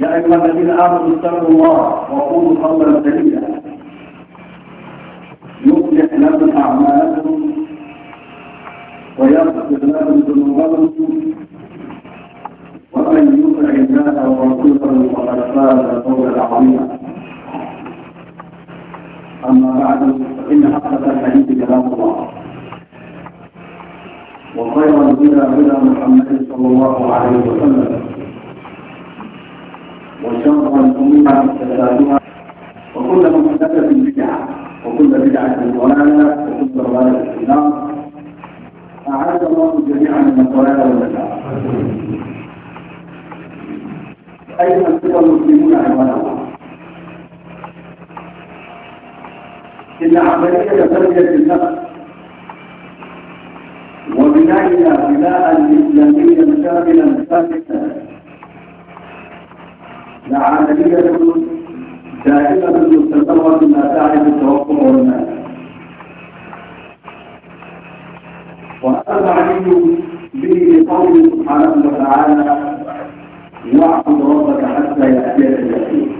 يا أيها الذين آمنوا اتقوا الله وقولوا قولا سديدا يصلح لكم أعمالكم ويغفر لكم ذنوبكم ومن يطع الله ورسوله فقد فاز قولا عظيما أما بعد فإن حقق الحديث كلام الله وخير الهدى هدى محمد صلى الله عليه وسلم وشر الأمة محدثاتها وكل محدثة بدعة وكل بدعة ضلالة وكل ضلالة في النار أعاذ الله جميعا من الضلالة والنار أيها الإخوة المسلمون عباد الله إن عملية تربية النفس وبنائها بناء إسلاميا كاملا ثابتا لعملية دائمة مستمرة ما تعرف التوقع والمال وهذا المعني به لقوله سبحانه وتعالى واعبد ربك حتى يأتيك اليقين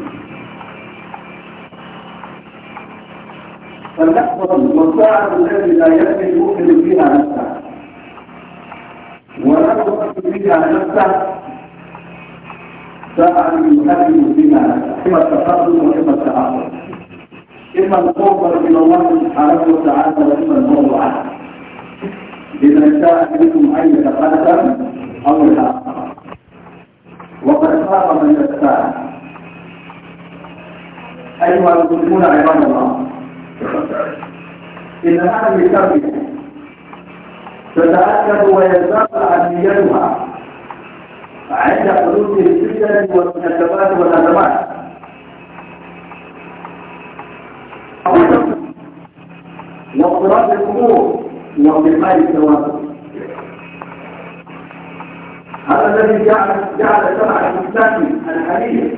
فلنحفظ والساعة التي لا يكفي المؤمن فيها نفسه ولا يؤمن فيها نفسه ساعة يؤمن بما إما التقدم وإما التعاطف إما القرب إلى الله سبحانه وتعالى وإما النور إذا لمن منكم أن يتقدم أو يتأخر وقد صار من يستاهل أيها المسلمون عباد الله إن هذه التربية تتأكد ويزال أهميتها عند حدوث الفتن والمناسبات والأزمات واضطراب الأمور وانضمام الثواب هذا الذي جعل جعل سمع الإسلامي الحالية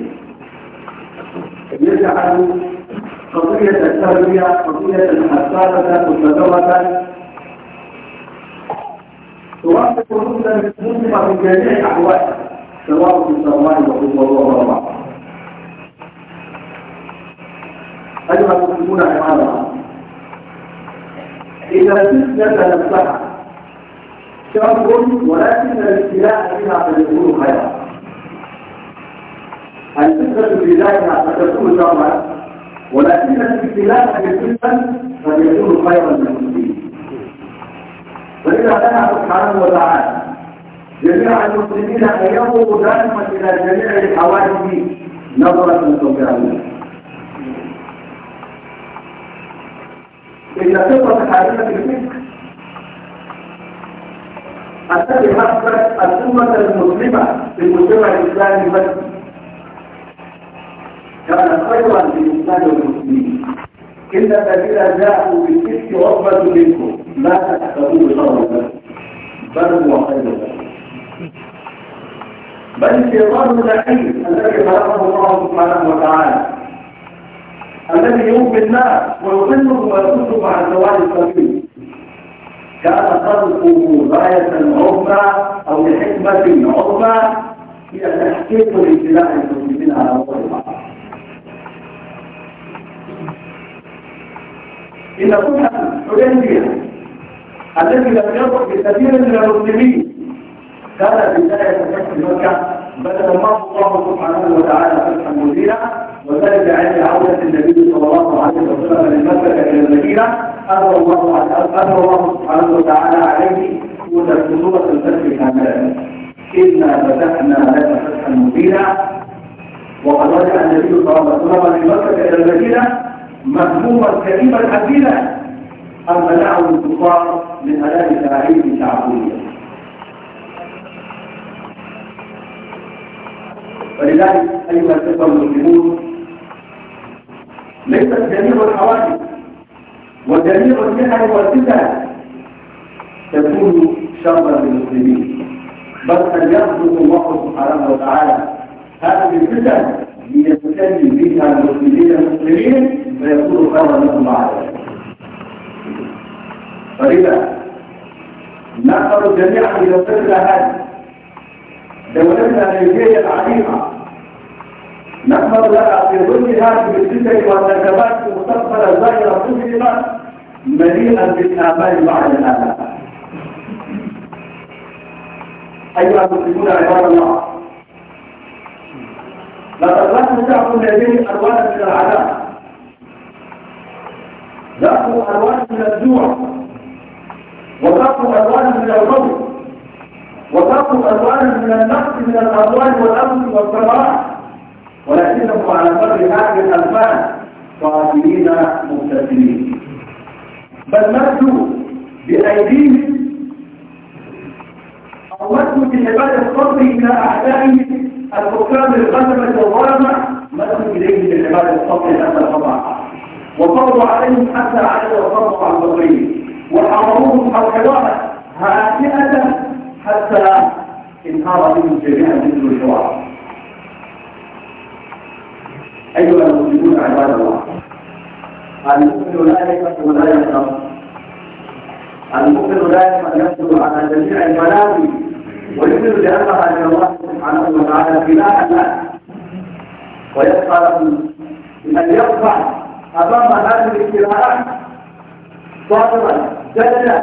يجعل قضية التربية قضية حساسة مستدرة توافق الأمة المسلمة في جميع أحوالها سواء في السماء وفي الأرض أيها المسلمون عباد الله إذا فتنة نفسها شر ولكن الابتلاء بها قد يكون خيرا الفكرة في ذاتها قد تكون شرا ولكن الابتلاء بالفتنة قد يكون خيرا للمسلمين فإذا لنا سبحانه وتعالى جميع المسلمين أن ينظروا دائما إلى جميع الحوادث نظرة سوداوية إن قصة حادثة الفكر التي حصلت الأمة المسلمة في المجتمع الإسلامي بس كانت خيرا للإسلام والمسلمين إن الذين جاءوا بالفكر رغبة منكم لا تحسبوه شرا بل هو خير لكم بل شيطان لعين الذي خلقه الله سبحانه وتعالى الذي يوم الناس ويضلهم ويصدهم عن سواء السبيل كان خلقه غاية عظمى أو لحكمة عظمى هي تحقيق الابتلاء المسلمين على وجه إن كل الحديبية الذي لم يضع بسبيل من المسلمين كان بداية فتح مكة بدأ الله سبحانه وتعالى فتحا مبينا وذلك عند عودة النبي صلى الله عليه وسلم من مكة إلى المدينة أمر الله أمر الله سبحانه وتعالى عليه سورة الفتح كاملة إنا فتحنا لك فتحا مبينا وقد رجع النبي صلى الله عليه وسلم من مكة إلى المدينة مهموما كريما حزينا أما منعه الكفار من هلاك تعريف شعبيه ولذلك أيها الإخوة المسلمون ليست جميع الحوادث وجميع الجهل والفتن تكون شرا للمسلمين بل قد يخلق الله سبحانه وتعالى هذه الفتن ليستني بها المسلمين المسلمين فيكون خيرا لهم بعد ذلك فإذا نحن جميعا إلى الفتنة هذه دولتنا نيجيريا العظيمة نحمد لها في ظلها بالستر والنكبات مستقبلا ظاهرة مسلمة مليئا بالآمال مع الآلام أيها المسلمون عباد الله لقد لا تدعوا لديه الوان من العذاب ذاقوا الوان من الجوع وذاقوا الوان من الغضب وذاقوا الوان من النقص من الأموال والأمن والثمرات ولكنهم على قدر هذه الألفان قاتلين مبتسمين بل مدوا بأيديهم أو مدوا بالعبادة الصبر إلى أعدائهم الحكام القدم الظلمة مدوا إليهم بحبال الصبر حتى الخضع وفرضوا عليهم حتى عدد وفرضوا على البطرين وحرروهم حركضانا هاتئة حتى انهار بهم جميعا مثل الحوار أيها المسلمون عباد الله المؤمن لا يفتح ولا يفهم المؤمن لا يفتح على جميع المنابر ويؤمن بأنها إلى الله سبحانه وتعالى بلا أمان ويبقى له أن يرفع أمام هذه الابتلاءات صابرا جلا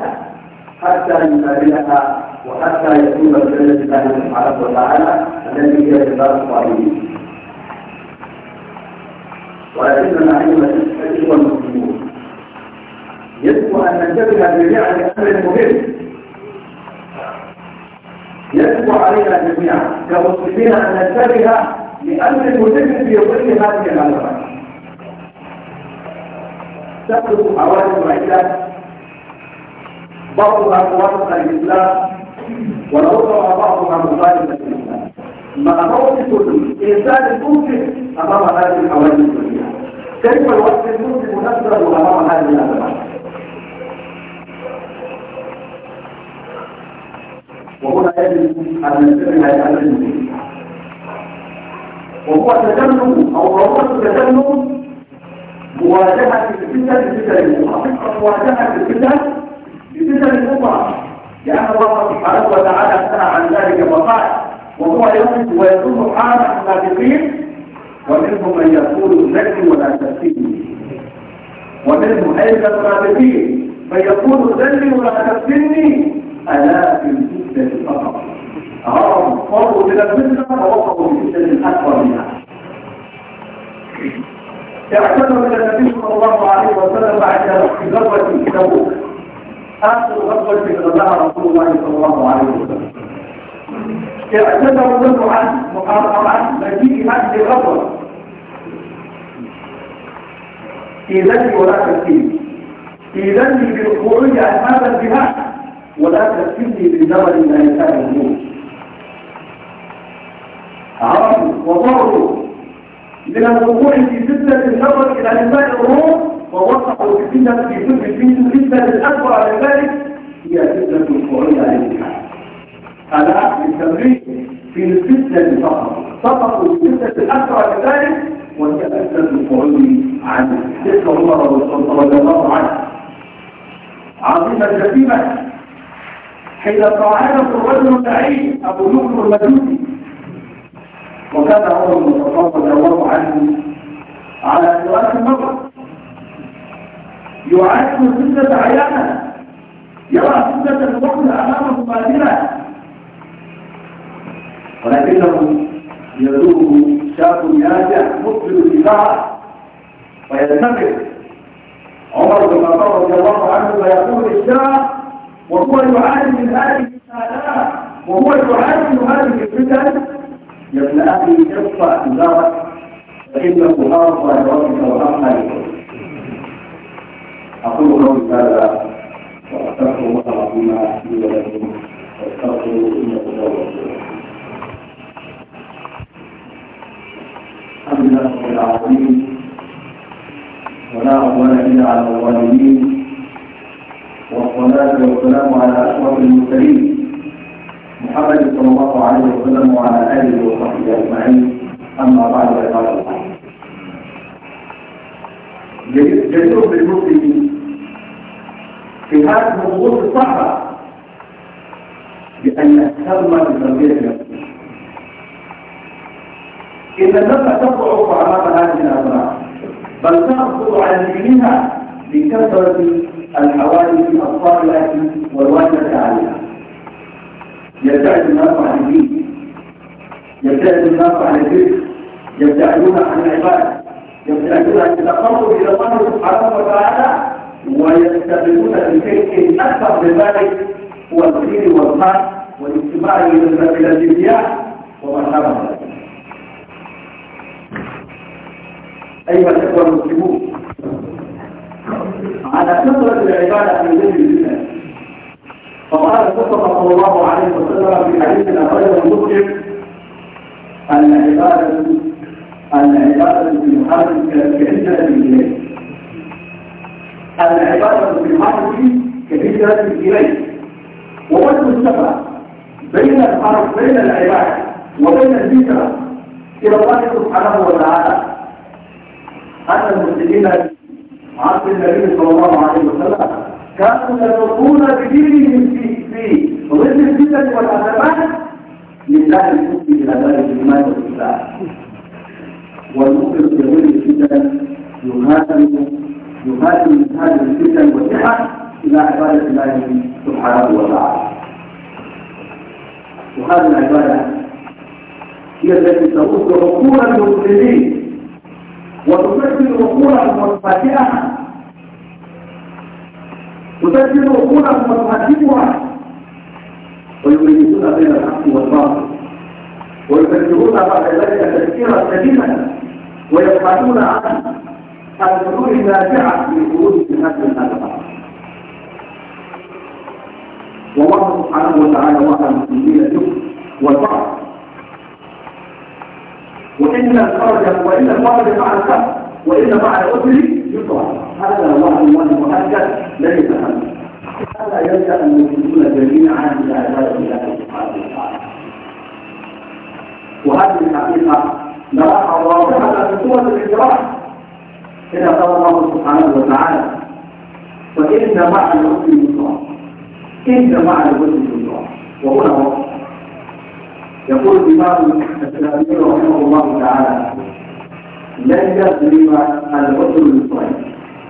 حتى يقابلها وحتى يكون الجنة الله سبحانه وتعالى التي هي جبال الصالحين ولكن الأئمة الحج والمسلمون يجب أن ننتبه جميعا لأمر مهم يجب علينا جميعا كمسلمين أن ننتبه لأمر مهم في ظل هذه الأمر تقلب حوادث العباد بعضها موافق الإسلام ولربما بعضها مخالفا للإسلام مع موقف الإنسان المسلم أمام هذه الحوادث كيف الوقت المسلم نفسه أمام هذه الأزمات وهنا يجب أن ننتبه لهذه المسلمين وهو تجنب أو ضرورة تجنب مواجهة الفتن بفتن الأخرى مواجهة الفتن بفتن اخرى. لأن الله سبحانه وتعالى أثنى عن ذلك وقال وهو يوجد ويكون حال السابقين ومنهم من يقول زكي ولا تفتني ومنهم ايضا القادرين من يقول زكي ولا تفتني الا في الفتنه فقط عرفوا فروا الى الفتنه ووقعوا في الفتنه الاكبر منها اعتذر الى النبي صلى الله عليه وسلم بعد غزوه تبوك اخر غزوه غزاها رسول الله صلى الله عليه وسلم اعتذر منه عن عن مجيء هذه الغزوه في ذنبي ولا تفتني في ذنبي بركوعي أسباب الدماء ولا تفتني بالجبل لا يكاد النور عرض وضعه من الوقوع في ستة النظر إلى نساء الروم ووقعوا في ستة في ستة فتنة الأكبر على ذلك هي فتنة القرية الانتحار ألا التمرين في الفتنة فقط فقط الفتنة الأكبر على وتأسس الفعول عنه تلك عمر رضي الله عنه عظيم الجريمة حين قاعدة الرجل البعيد أبو نور المجوسي وكان عمر بن الخطاب رضي الله عنه على سؤال المرأة يعد سنة عيانا يرى سنة الوقت أمامه بادرة ولكنه يذوق شاب البعض عمر بن الخطاب رضي الله عنه فيقول الشاع وهو يعلم هذه الآلام وهو يعلم هذه الفتن يا ابن أخي ارفع إزارك فإنه أرضى لربك وأرحى لكم أقول قولي هذا وأستغفر الله العظيم لي ولكم واستغفروا إنه هو الغفور الحمد لله رب العالمين ولا عدوان الا على الظالمين والصلاه والسلام على اشرف المرسلين محمد صلى الله عليه وسلم وعلى اله وصحبه اجمعين اما بعد فقال الله جدير بالمسلمين في هذه الظروف الصعبه بان يهتم بتربيه نفسه إذا لم تضعف أمام هذه الأمراض بل تأخذ على دينها لكثرة الحوادث الصالحة والواجبة عليها يبتعد الناس عن الدين يبتعد الناس عن الذكر يبتعدون عن العباد يبتعدون عن التقرب إلى الله سبحانه وتعالى ويستغلون بشيء أكثر من ذلك هو الخير والخير والاستماع إلى الأنبياء وما شابه ذلك أيها الأخوة المسلمون على كثرة العبادة في ذكر الله فقال المصطفى صلى الله عليه وسلم في حديث الأخير المسلم العبادة العبادة في الحرب كهجرة إليه العبادة في الحرب كهجرة إليه ووجه السفر بين الحرب بين العبادة وبين الهجرة إلى الله سبحانه وتعالى أن المسلمين عبد النبي صلى الله عليه وسلم كانوا يتركون بدينهم في في ظل الفتن والأزمات لله الحكم إلى ذلك الإيمان والإسلام والمؤمن في ظل الفتن يهاجم يهاجم من هذه الفتن والسحر إلى عبادة الله سبحانه وتعالى وهذه العبادة هي التي تغض عقول المسلمين وتسجل عقولا المنفتئة تسجل عقولا المنفتئة ويميزون بين الحق والباطل ويفكرون بعد ذلك تفكيرا سليما ويبحثون عن الحلول النافعة في خروج هذه الألعاب والله سبحانه وتعالى وعد المسلمين الجهد والبعض وإن خرج وإن خرج مع الخمر وإن مع الأسر يطلع هذا الله الله لا يتحمل هذا يلجأ المسلمون جميعا إلى عبادة الله سبحانه وتعالى وهذه الحقيقة نراها واضحة في سورة الإجراء إذا قال الله سبحانه وتعالى وإن مع الأسر يطلع إن مع الأسر يطلع وهنا وقت يقول الإمام السلامي رحمه الله تعالى لن يظلم العذر للصيد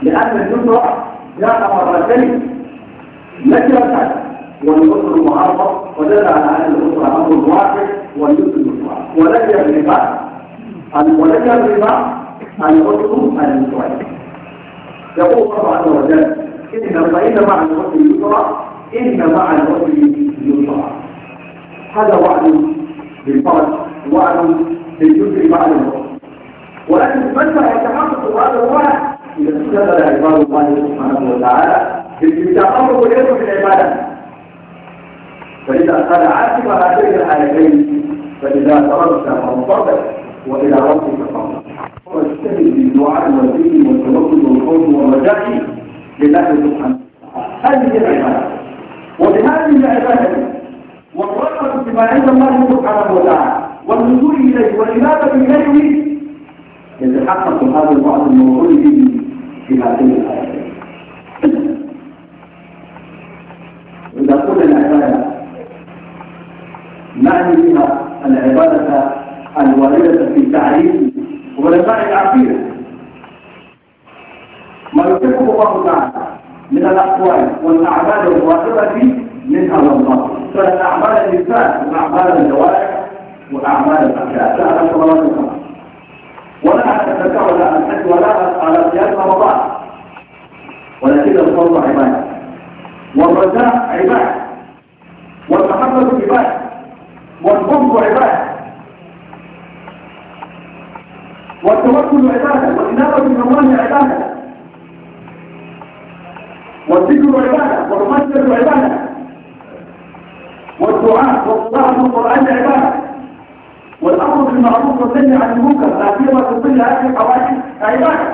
لأن الجزر جاء مرتين لن يرتد والعذر معرض ودل على أن العذر أمر واحد واليسر مطلق ولن يظلم ولن يظلم العسر للصيد يقول الله عز وجل إن فإن مع العسر يسرا إن مع العسر يسرا هذا وعد بالفرج وعد بالجزء بعد الوقت ولكن متى يتحقق هذا الوعد إذا استدل عباد الله سبحانه وتعالى بالتقرب إليه في العبادة فإذا قد عاتب هاتين الآيتين فإذا تردت فانصبر وإلى ربك فانصبر واجتهد بالدعاء والدين والتوكل والخوف والرجاء لله سبحانه وتعالى هذه العبادة وبهذه العبادة والرغبة بما عند الله سبحانه وتعالى والنزول إليه والإنابة إليه يتحقق هذا البعض الموضوع في هذه الآية إذا قلنا العبادة نعني بها العبادة الواردة في التعليم ولقاء العقيدة ما يحبه الله تعالى من الأقوال والأعمال الواردة منها والباطل فأعمال الإنسان وأعمال الجوارح وأعمال الأشياء لا أشهر الله ولا أتذكر ولا أنحج ولا على سياق رمضان ولكن الفرض عبادة والرجاء عبادة والتحمل عبادة والبغض عبادة والتوكل عبادة والإنابة من الله عبادة والذكر عبادة والمسجد عبادة والدعاء والصلاة والقرآن عبادة والأمر بالمعروف والنهي عن المنكر في وتصل هذه الحوادث عبادة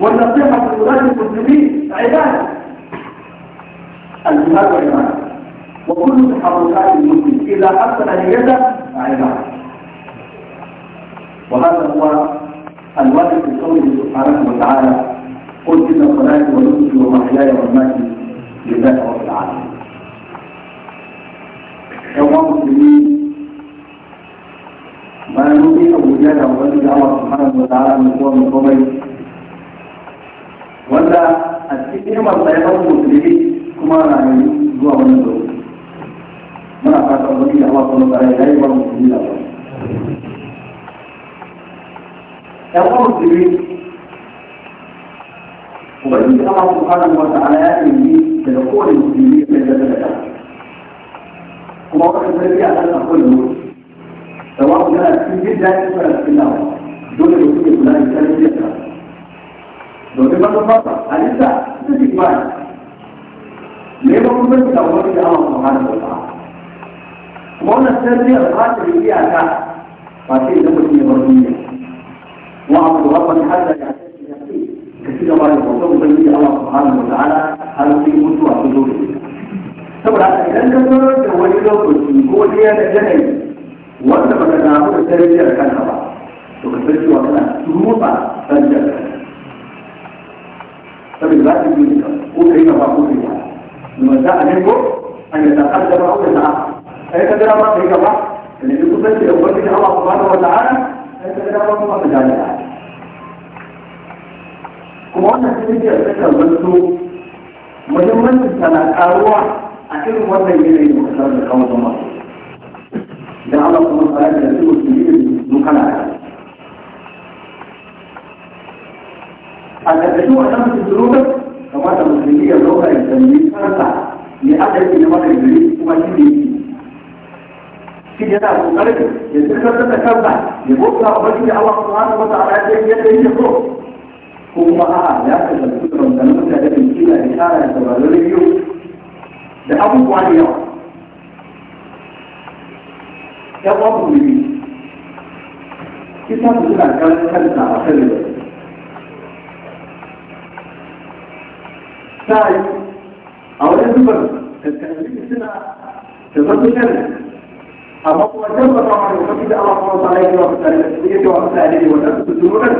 والنصيحة لولاة المسلمين عبادة الجهاد عبادة وكل تحركات المسلم إذا حصل اليد عبادة وهذا هو الواجب في قوله سبحانه وتعالى قل إن صلاتي ونسكي ومحياي ومماتي لله رب العالمين يوم المسلمين ما نؤمن أبو جهل وأن الله سبحانه وتعالى من قوة من قبل ولا السينما الطيبة المسلمين كما نعلم هو من الدول من أفعال الله سبحانه وتعالى لا يبقى المسلمين أبدا يوم المسلمين وبعدين الله سبحانه وتعالى يأتي بالقوة المسلمين من جسد الأرض ومواقف النبي على أقوال الموت سواء كان في جدا ولا في النار دون الوصول فلان كان يسرى دون ما تفضل أليس تجد معنا ليه ما كنت تقول الله سبحانه وتعالى وأنا السرية الخاصة بالبيئة كانت فاشيء لم يكن يبرمية وعبد ربا حتى يعتقد يقين كثير ما يقول الله سبحانه وتعالى هل في مدوى حدوده saboda idan ka zo da wani lokaci ko wani yana yanayi wanda ba ka samu da tarbiyyar kanka ba to ka san cewa kana turuta tarbiyyar kanka saboda za ka yi ka ko kai ka ba ko kai ba kuma za a ne ko an yi tsakar da ba ko da kai ka dara ma kai ka ba da ne kusanci da wani da Allah subhanahu wata ta'ala kai ka dara ma kuma ka jami'a kuma wannan tarbiyyar ta kan zanto muhimmancin tana karuwa a cikin wannan yanayi da kasar da kawo zama da Allah kuma fara da su su yi mun kana a ƙarƙashin wannan su zuruga kamata musulmi ya zauna ya tambayi kansa ya adalci na mata gari kuma shi ne shi yana kokarin ya zirkar da kansa ya bauta wa bakin Allah subhanahu wa ta'ala yadda yake so ko kuma a'a ya kasance da mutane da kila da kara da sauraron rediyo da abubuwa da yawa ya kwabu ne kisa su suna kan kanta a kan da ta yi a wajen zubar kankanin suna da zafi kan amma kuma tabbata ma da wani da Allah kuma ta yi wa mutane da su yake wa mutane da wanda su zuwa kan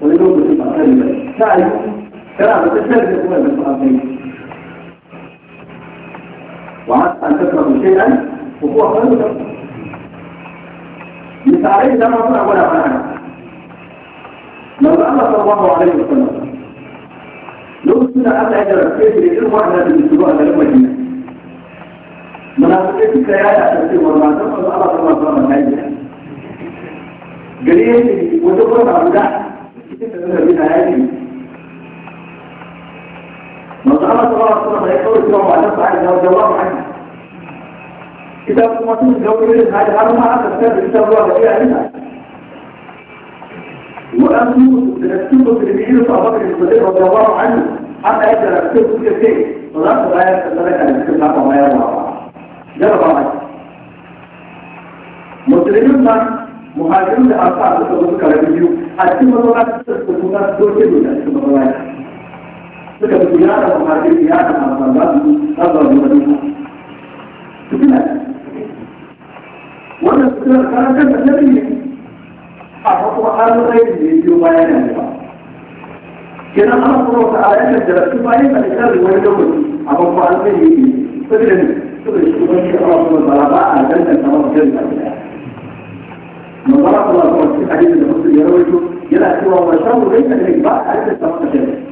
wani lokacin ba kan da ta yi tana da tashar da kuma da su a kai وعدت أن تكره شيئا وهو خير لك لتعريف لما طلع ولا معنى لو أن صلى الله عليه وسلم لو سنة أن أجل الكيف لإن واحدة من سبوع لما جينا منافقين كيانا تسير والمعزم الله صلى الله عليه وسلم إيه؟ قليل وتقرب عبدا كيف تقرب بها هذه ما شاء الله تبارك وتعالى يقول كلام على صحيح رضي الله عنه كتاب المسلم لو يريد هذا أنا ما أعرف كتاب كتاب الله في علمها وأن يوسف تكتبه في الإنجيل أبو بكر الصديق رضي الله عنه حتى يقدر يكتبه في شيء ولا تغير كذلك أن يكتب حتى ما يرضى ده رابع مسلمون مهاجرون الأنصار تكتبوا كلام اليوم أتمنى أن تكتبوا كلام اليوم suka fi ya da kuma ke ya da kuma ba su Allah ya rubuta fitina wannan suka karantar da nabi ne a kuma alƙairi da ya biyo bayan da ba kenan ana kuma wata alaƙar da rasu bayan da ta wani lokaci a kuma alƙairi ne saboda ne saboda shi kuma shi Allah kuma ba ba a dangan sama mutum da ta من ضرب الله في حديث المسلم يروي يلا سوى وشر ليس لك بعد عدة سنوات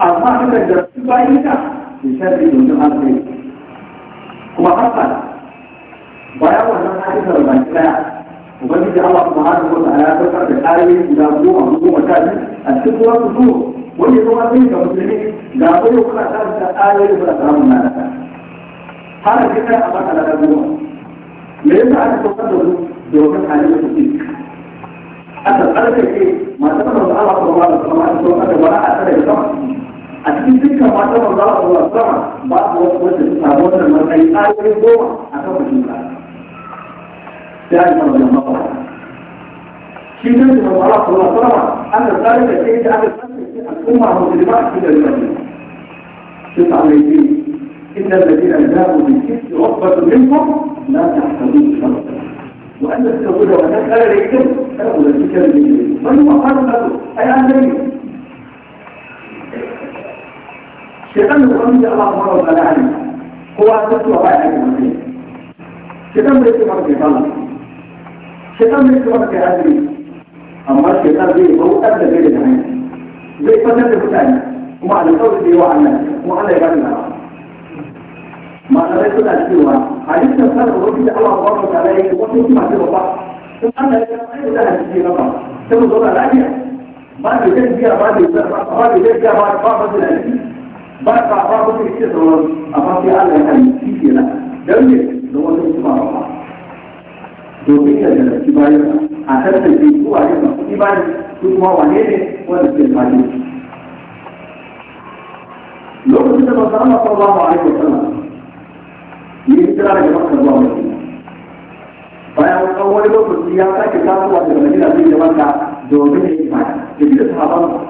amma suka jarabtu bayan ta shi sharri domin hankali kuma hakan bayan wannan hadisar baki daya ubangiji Allah subhanahu wa a ya saukar da ayoyi guda goma goma ta biyu a cikin wasu zuwa wani zuwa sai ga musulmi ga koyo kuna karanta ayoyi kuna samun lalata har a cikin a baka da goma me yasa aka saukar da su domin halin da suke aka tsarkake masu kasar da Allah subhanahu wa ta'ala aka saukar da bara a tsare da a cikin dukkan mata ba za a zuwa sama babu wasu wanda su samu wannan matsayi ayoyi goma a kan mutum ba sai a yi maganin mawa shi kan su mawala kuma sama an da tsari da ke da aka tsanci al'umma musulma a cikin garin madina sun samu yake inda da ke da zaɓu da ke da wasu minkum na ta hasabu da sama وأن تقول وأنا أرى لكم أنا أقول لك كلمة من مقال له أي أن shaitan da wani da Allah subhanahu wa ta'ala ne kowa ta tuwa ba ya yi mutum shaitan bai ce maka kai sallah shaitan bai ce maka kai azumi amma shaitan zai bautar da kai da hanya zai fatar da mutane kuma alƙawari da yawa Allah kuma Allah ya ba da lafiya malamai suna cewa hadisin sanar wani da Allah subhanahu wa ta'ala yake wata hikima ce babba in Allah ya san ai da hadisi ne ba sai mu zauna lafiya ba da zai biya ba da ba da zai biya ba ba da zai ba ka ba ko ke ce da wani amma sai Allah ya kai shi ke nan dan ne da wata kuma ba domin ya da shi bayan a kan da ke zuwa ne masu imani ko kuma wane ne wanda ke fadi lokacin da manzo Allah sallallahu alaihi wasallam ya yi kira da Makka zuwa Madina bayan wani lokaci ya sake tasowa daga Madina zai je Makka domin ya yi fadi da bi da sahabansa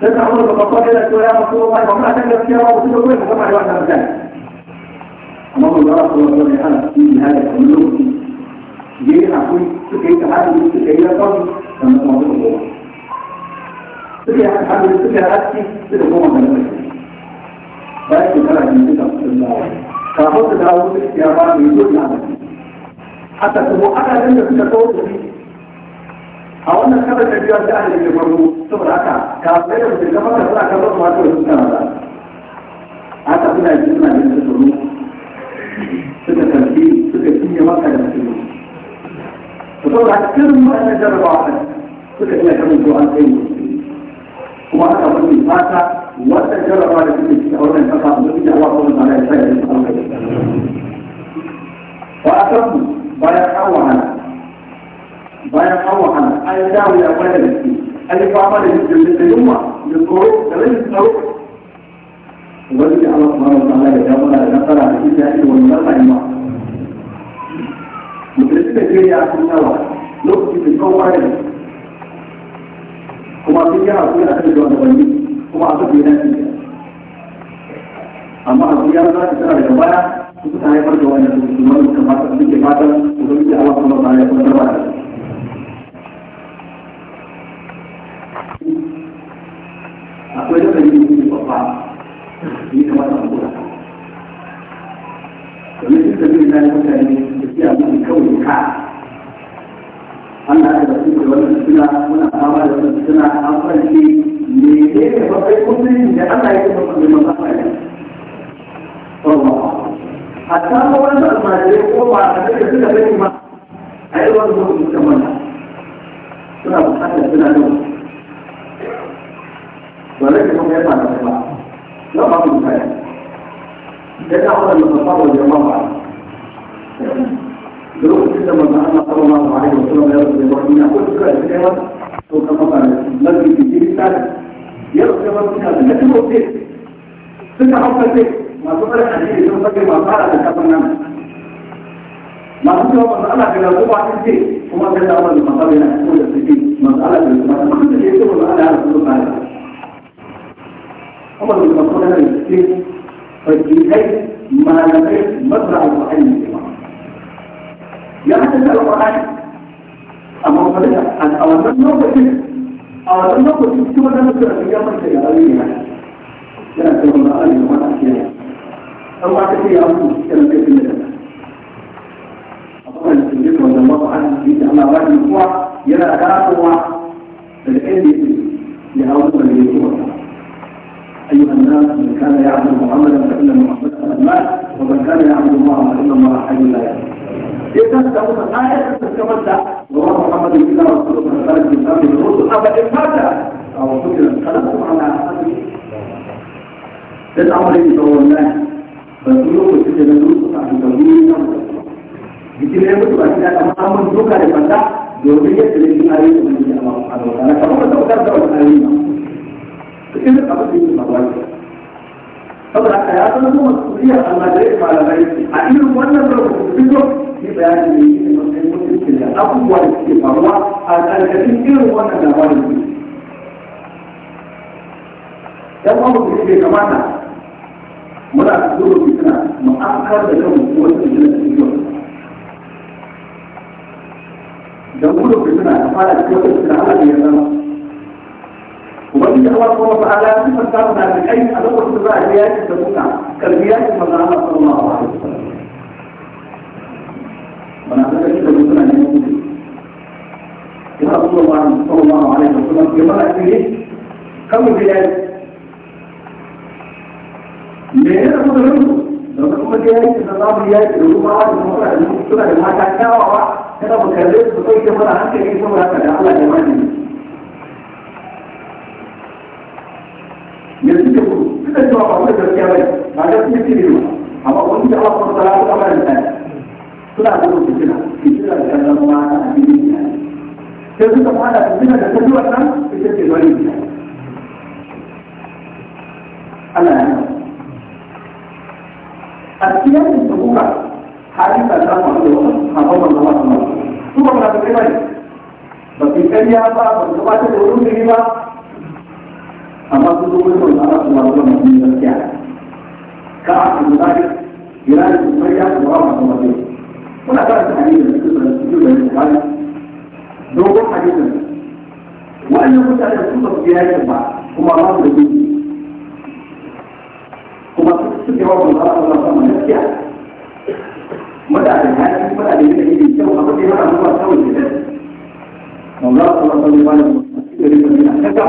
سيدنا عمر بن الخطاب قال يا رسول الله وما تكلف فيها وقلت له كيف وما يوحنا مكانك عمر بن رسول الله انا في هذا كله ليه اكون سكيت حد من سكيت قبل لما تمر الجمعه سكيت حد من سكيت حد في الجمعه من بس كده من كده فاخد ده اول اختيارات يقول لي حتى تبقى انا لما كنت a wannan kada ta biya ta ahli ke farko saboda haka ka sai da mutum kafa ka suna kan wasu mata wasu kana da haka suna yi suna yin su tsoro suka karfi suka cinye maka da mutum saboda haka irin wannan jarabawa suka iya kan zuwa an kai kuma haka wani fata wannan jarabawa da suke cikin wannan kafa a lokacin Allah ko ta ya sai da su an kai ba a san bayan an wahala bayan an wahala an sha wuya kwanan da ke an yi fama da jirgin da yunwa da tsoro da rashin tsaro wani da Allah kuma wata Allah ya damu da nasara da ita ya ce wani nasa yi ma mutum da ke ya sun yawa lokacin da kowa ne kuma sun yi hakuri a kan da wani kuma a kan yana ce amma a kuya za ta tara da baya su ta haifar da wani da su wani kamata suke fatan ubangiji Allah kuma ta haifar da baya من القرآن أما قلنا أن أولا نوبة أولا نوبة كما نذكر في يوم القيامة لا تكون آل وما أشياء أو أتكي أمر كما في المدن أقول لك الذكر رضي الله عنه في أما بعد الأسبوع يرى دعوة العلم لهؤلاء الذين أيها الناس من كان يعبد محمدا فإن محمدا مات ومن كان يعبد الله فإن الله حي لا يموت يتم تقول الآية تتمنى رواه محمد بن الله رسول الله صلى الله عليه وسلم الرسل أبدا مات أو قتل انقلبوا على أحده للأمر يتولاه فالسلوك الذي يدرس عن توليه Jadi dia itu ada amalan juga daripada doanya dari hari ini Allah Subhanahu wa taala. Kalau kita bukan tahu hari ini. Kita tak boleh mengawal. Sebab ayat itu maksudnya Allah dari pada baik. Akhir mana berbuat في بيان المسلمين في الأول في فروع الكثير وانا نوال dan wani kuma bai kamata muna zuwa fitina mu an kar da kan wata fitina cikin yau dan gudun fitina ta fara cikin wata fitina ana da yanzu وبعدين الله سبحانه وتعالى في مسألة من الحي على وجه الله ياتي تبونا كالبيات من الله صلى الله عليه وسلم منافقين da suna ne ya abu da wani sallallahu alaihi wasallam ya mara ne kan mu biya me ne da kuma rubu da kuma biya shi da zamu ya da kuma wani kuma da suna da mata kyawawa kada mu kalle su kai ta mara hankali saboda haka da Allah ya mani yanzu da ku suka cewa ba su gaskiya bai ba gaskiya ce ne ba amma wani da Allah ta tsara ta mara misali suna gudun fitina fitina da kan zama mata a cikin gida sai suka fara fitina da ta zuwa nan ita ce wani gida Allah ya a cikin yin tukuka halin da ta samu da wani haɓar wanda ba su ma su ba na fitina ne ba su karya ba ba su ba ta da wurin gari ba amma su zo wani wanda ana su ma zuwa masu gaskiya ka a kan zai yana da kuma ya su ba masu masu muna karanta hadisin da suka cikin da Bukhari dogon hadisin wannan mutane su ba su biya yakin ba kuma ba su da gudu kuma su suke wa manzo Allah sallallahu alaihi gaskiya mutane hadi mutane da yake kyau a cikin wannan zuwa kawai da manzo Allah sallallahu alaihi wasallam ya rika mina kaga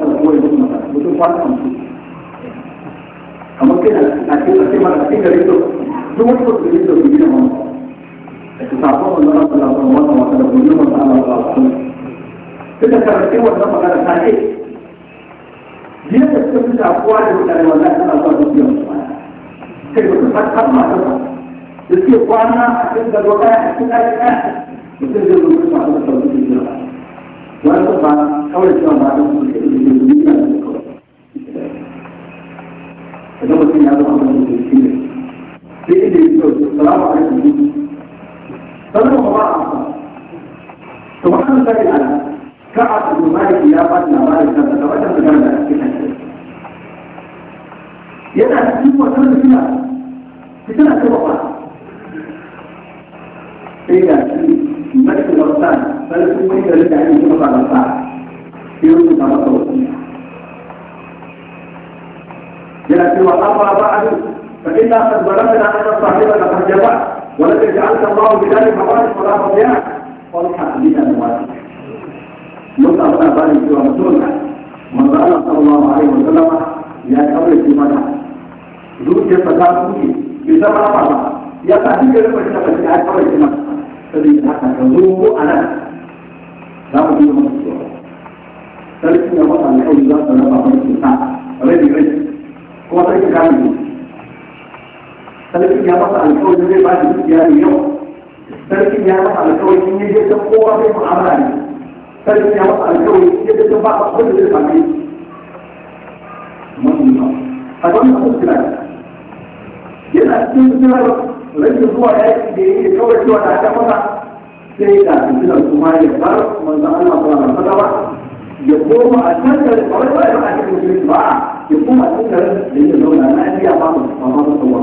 kada koyi mutum da mutum kwana mutum kamar kai na cikin cikin cikin da yake duk wani mutum da yake da تعطوه الله رب العظمات وتلقوا يوم تعالى الله كده كانت هو النقطة كانت عليه زيادة تفتح أقوال وكان ولا كان الله يوم كيف تفتح خطمة تفتح أقوالنا تفتح الوقاية تفتح الآن وتنزل الوقت على الصلاة وأنا طبعا أول شيء بعد السلام عليكم Lalu orang-orang. saya ada. Kaat itu mari diapat, namanya, dan macam kita. Ya tak, semua Kita nak apa? Sehingga, kita lakukan. Lalu semua ini dari kain itu apa rasa? Dia untuk sama Ya tak, coba apa Kita akan berada dengan anak-anak sahabat dan sahabat. ولكن جعلت الله بذلك فرائض ولا فضيان قال حديثا واحد يقطع بنا بالي سوى مسؤولنا من رأى صلى الله عليه وسلم يا قبل السمنة زوجة فتاة مجي بسبب الله يا تحديد كده بشكل بشكل يا قبل السمنة فدي تحت كذوب أنا لا بد من مسؤول ثالثا يا وطن يحوز الله صلى الله عليه وسلم ريدي ريدي هو طريق كامل sarkin ya masa alƙawarin zai ba da dukiya mai yawa sarkin ya masa alƙawarin ya je san kowa zai mu'amala ne sarkin ya masa alƙawarin ya je san ba a kowa zai same shi manoma a wannan abin kira yana cikin kira rashin zuwa yaƙi da ya yi kawai cewa da aka masa sai ga fitilar kuma ya bar manzan Allah ba na fata ba ya koma a can da ba wai ba ya ba a cikin musulunci ba ya koma a cikin da ya zauna na iya ba mu ba ma musulunci ba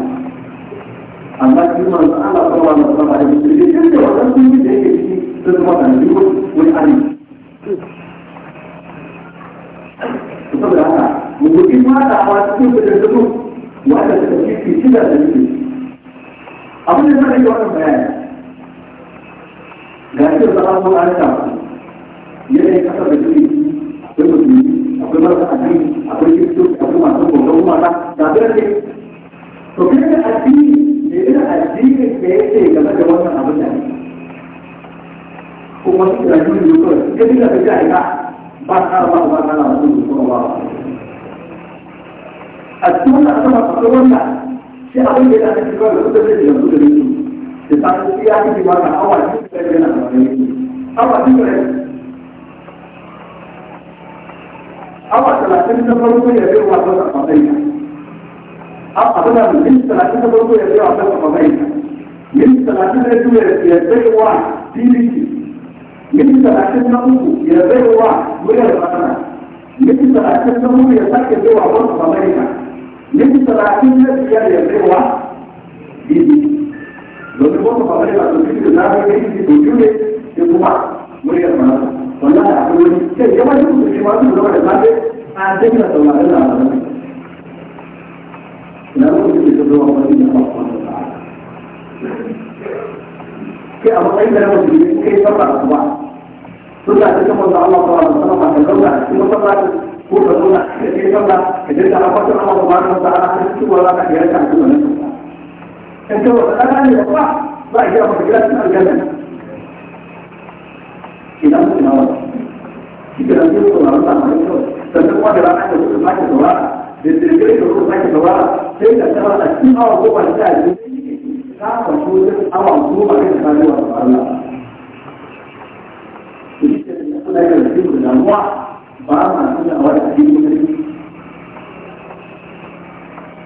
human نبي يبيع ديبتي مثل أكل نقوه يبيع ولا الغنى مثل أكل نقوه يسكر بيع وسط أمريكا مثل أكل نبي يبيع ديبتي لو نقوم بأمريكا تبيع النار يبيع وجوده يبيع ولا الغنى والله أقول لك يا ما يقول لك ما يقول لك عندنا تولدنا على ذلك لا بد من تدور الله سبحانه وتعالى sai a matsayin da na musulmi kai sallah asuba sunna ta kamar da Allah ta wani sallama ka zauna a cikin masallaci ko ka zauna a cikin kai sallah ka dinga ambaton Allah ta wani sallama ta cikin wa za ka biyar ta cikin wannan sallah in ka wata ɗan ne da ba za a gina maka gidan cikin aljanna idan mutum na wata shi ke nan zai sauraron sa mai kyau sannan kuma da ranar da kuka sake saurara da tsirgirai da kuka sake saurara sai ka tara a cikin awa goma sha biyu ta kwanto duk awa goma kan kare wa Allah to shi ke da da damuwa ba ma tuna wa da cikin mutum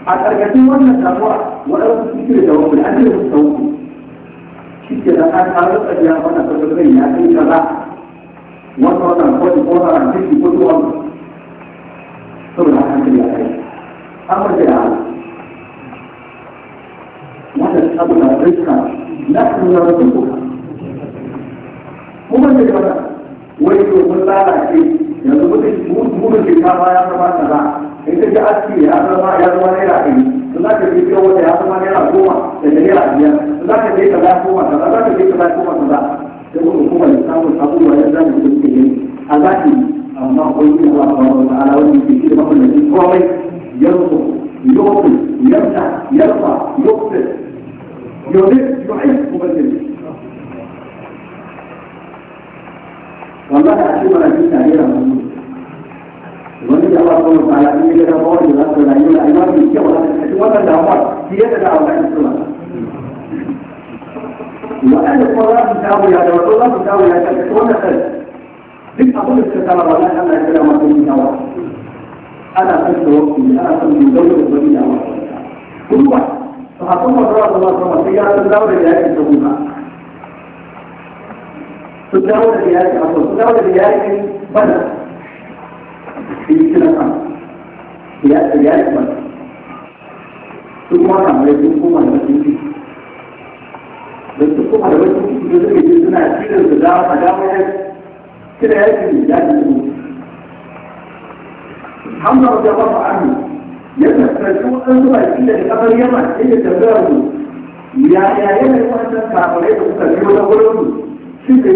a ƙarƙashin wannan damuwa waɗansu suke da wani an yi musu sauki shi da an kawo tsakiya wannan tabbatar ya kai kaza wannan wannan kwanci ko na rantarki ko tuwa saboda hankali ya kai amma da ya ونسألك na نحن نرزقك kuma ce gaba wai to mun lalace yanzu mutum mutum ke kama ya zama kaza in ka ji aski ya zama ya zama naira ɗari in ka je biyan wata ya zama naira goma da naira biyar in za ka je kaza goma kaza za ka je kaza goma kaza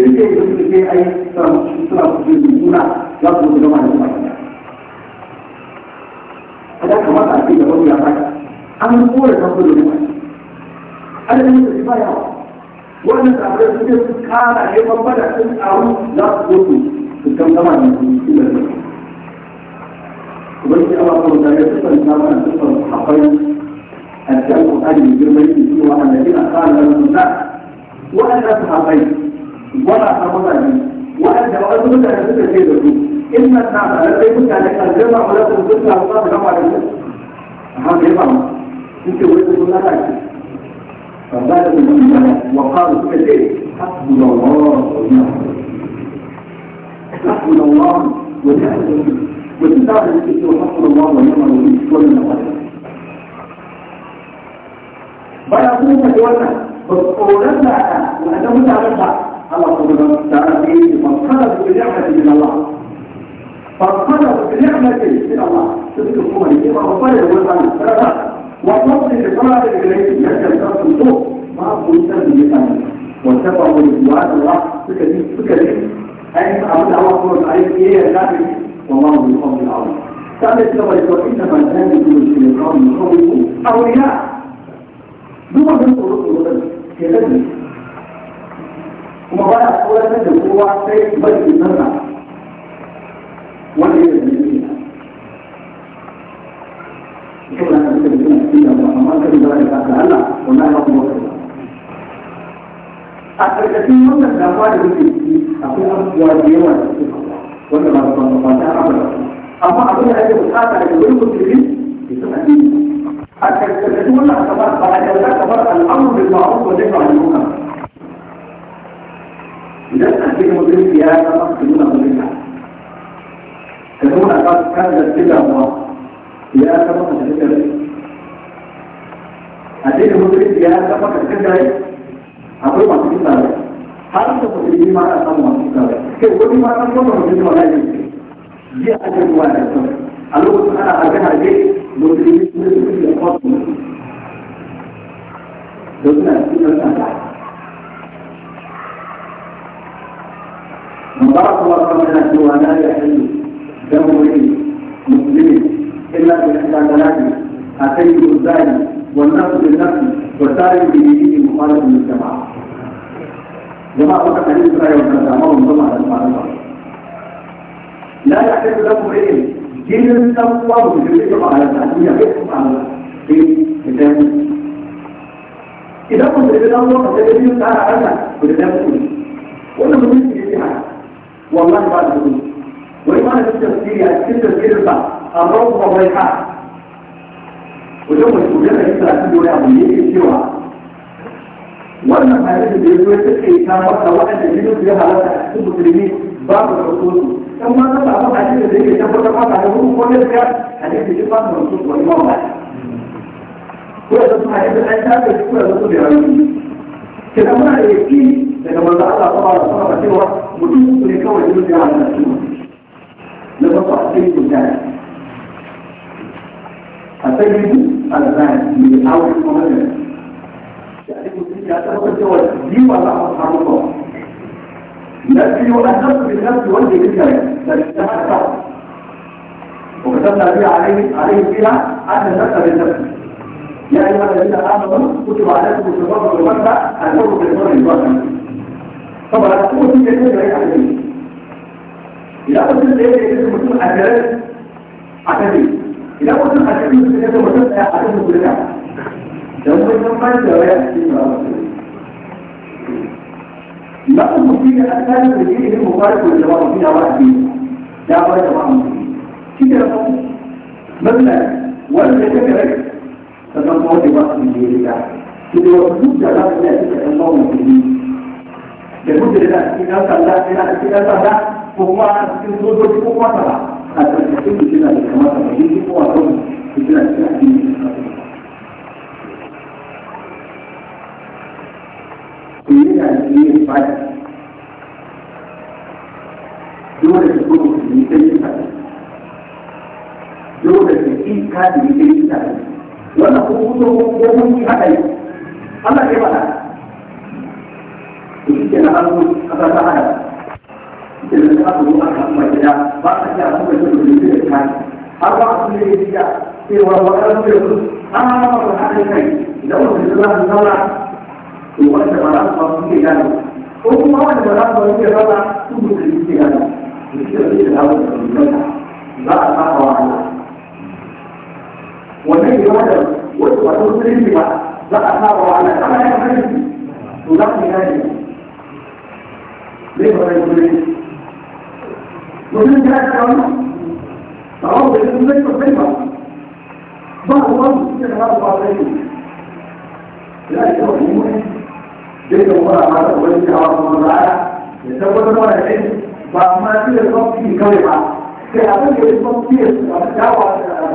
duk da yadda suka ce ai suna kusa da suna za su wuce gama da kuma gida. A da kamata a ce da wani ya fata, an kore kan kudu da wani. Adadin da su ba yawa. Wannan tsarin su ce su kara neman bada sun karu za su wuce su kan gama da su da su. Ubangiji Allah kuma da ya kusanta mana sufan haɓar a cikin Ƙur'ani girmai da cewa annabina kana da suna wa'annan sahabbai ولا رمضان وأنت أقول لك أنا كنت أجيب لك إن الناس لا يمكن أن يقدمها ولا تنزلها الله بنوع عليك هذا يفهم أنت ولد كل هذا فبالغ المؤمنين وقالوا كل شيء حسبنا الله ونعم حسبنا الله ونعم الوكيل وتتابع الكتاب وحسبنا الله ونعم الوكيل كل النوادر بلا قوة ولا بس قولنا وأنا متعلمها الله سبحانه فيه فانقلبوا بنعمة من الله فانقلبوا بنعمة من الله تذكر قوة الإمام وطلع وطلع ثلاثة وفضل لطلعة إليه يجب أن تصوص ما قلت بنعمة واتبعوا لدعاء الله فكذب فكذب أي أبدا الله سبحانه عليك إيه يا والله بالفضل العظيم ثالث لما إنما كان يقول الشيطان يخوف أولياء دون أن يقولوا كذلك kuma ba a tsoratar da kowa sai bari sanna wanda ya zai ita ba ta cikin suna cikin da amma kan da ya kasa Allah wannan ya kuma kai a ƙarƙashin wannan damuwa da muke ciki akwai abubuwa da yawa da suke wanda ba su ba ta abada amma abin da ake bukata daga wurin musulmi ya san addini a ƙarƙashin wannan asabar ba a yarda kamar al'amur bil ma'ruf wa nahy anil munkar الناس كانت مدرسة يا رب تكونها مدرسة تكون قد كانت كده الله يا رب تكونها هذه المدرسة يا رب تكونها أقول ما تكونها هذا المدرسة ما أقول ما تكونها كيف قولي ما أقول ما تكونها دي أجل واحد ألوك أنا أرجعها دي مدرسة مدرسة مدرسة مدرسة مدرسة مدرسة مبارك الله ربنا هو لا يحل دم مسلم الا بالاحتمالات أتيت الزاني والنفس بالنفس والسالم بدينه مخالف للجماعه جماعة فقط حديث رأي والمسامر ومضمع للمعرفة لا يحل لكم إيه جيل تنصر بجريكم على التعليم يحيكم على في كتابه إذا كنت إذا الله قد تجد تعالى عنها ولتابعكم وإنه من يجب والله بعد الغروب وإيه معنى في التفكير يعني في التفكير بتاع الروض والريحان وشوف الشجاعة دي بتاعتين دول يعني ليه كتير wannan halin da ya zo ta kai ta masa waɗanda jinin ya halatta a cikin musulmi babu da hukunci kan ma ta samu hadisi da yake tabbatar maka da hukunci ko gaskiya hadisi shi babu da hukunci wani ma ba ko da su hadisi an ta kai ko da su da rauni kina muna da yaki daga manzo Allah sallallahu alaihi wasallam cewa mutum uku ne kawai da yake wannan ciwo na farko a cikin mutane a cikin alzai ne aure kuma da shi a cikin ya tabbatar cewa jiwa za a samu ba na biyu an tabbatar da nafsi wanda yake da da haka وكتبنا فيها عليه عليه فيها أن النفس بالنفس يا أيها الذين آمنوا كتب عليكم الشرب والمسح أن تكونوا في البر والبر طبعا هو في كثير بعيد عن الدين إذا قلت لك إيه كثير مسؤول عن ثلاث عشان إذا قلت لك عشان مسؤول كثير مسؤول عشان مسؤول كام لو كنت ما جوايا لا المسؤول أكثر من الدين المبارك والجواب فيها واحد يا أبو جماعة كده مثلا ولا تكره تتموت بقى من دينك كده وجود جلال الله في الدين da mutu da cikin ɗan sanda yana da cikin ɗan sanda ko kuma a cikin sojoji ko kuma sama a cikin su suna da kamata mai yi ko a kan su suna da cikin su yana da cikin fadi dole su kuma su yi ta yi fadi dole su yi kadi yi ta yi fadi wannan kuma kuma kuma kuma kuma kuma kuma kuma kuma kuma kuma يمكن أن أقول أتفعل يمكن أن أقول أحكم إلى بعض الأحكام التي يمكن أن أربعة الذي الإنسان في وراء الأمر أنا أمر هذا هو الشيء لو في الله نرى وأنت مرات مرضي هذا وهو أنا مرات مرضي هذا هو ثم في هذا هو يمكن أن أقول لا أقع على والنبي هذا هو الذي وتوصل إلى لا أقع على كما ينبغي تلاقي هذه zai fara yi mutum ya ta wani tsawon da yin zai ta zai ba ba a kuma yi kuma kuma ba da kawai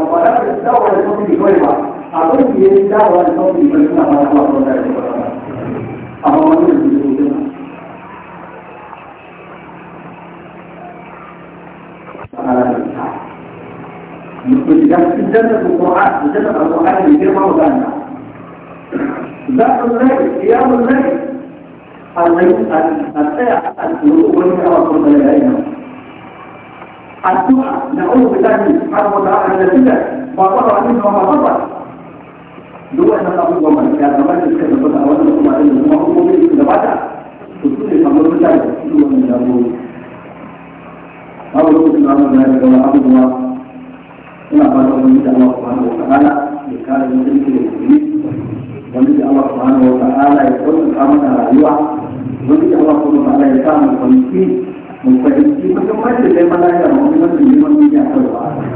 ba sai amma wani متجسدا في القرآن مجسدا في القرآن من غير الليل قيام الليل الليل الساعة الوضوء والمئة والصلاة للعلم الدعاء نعوذ بالله سبحانه وتعالى من الذين ما ضر منه وما ضر دعاء نقول ومن كان من كان قد أولا ثم إن ثم هو مؤمن إذا بدأ تكون الأمر بالله سبحانه ina ba da wani da Allah subhanahu wa ta'ala ya kare mu dukkan musulmi wani da Allah subhanahu wa ta'ala ya sauƙaƙa mana rayuwa wani da Allah subhanahu wa ta'ala ya kama kwanci mu fahimci muhimmancin da ya mana ya mu muhimmancin neman duniya kawai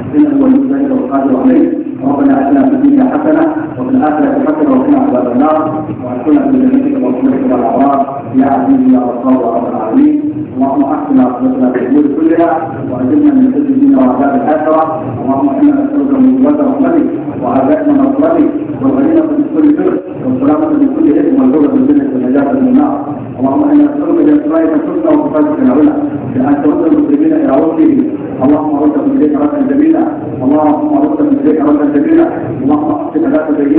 ba ina da wani da ya kawo alai ربنا اتنا في الدنيا حسنه في الآخرة حتى لو كنا عذاب النار وأدخلنا في جنتك وأخرجك والأبرار يا عزيز يا غفار يا رب العالمين اللهم أحسن عاقبتنا في الأمور كلها وأجلنا من خزي الدين وعذاب الآخرة اللهم إنا نسألك من قوة رحمتك وعذابنا مغفرتك والغنيمة من كل شر والسلامة من كل إثم والدولة من الجنة والنجاة من النار اللهم إنا نسألك بأسمائك الحسنى وصفاتك العلى بأن ترد المسلمين إلى رشدهم اللهم ردهم إليك ردا جميلا اللهم ردهم إليك ردا جميلا اللهم أحسن لا تزين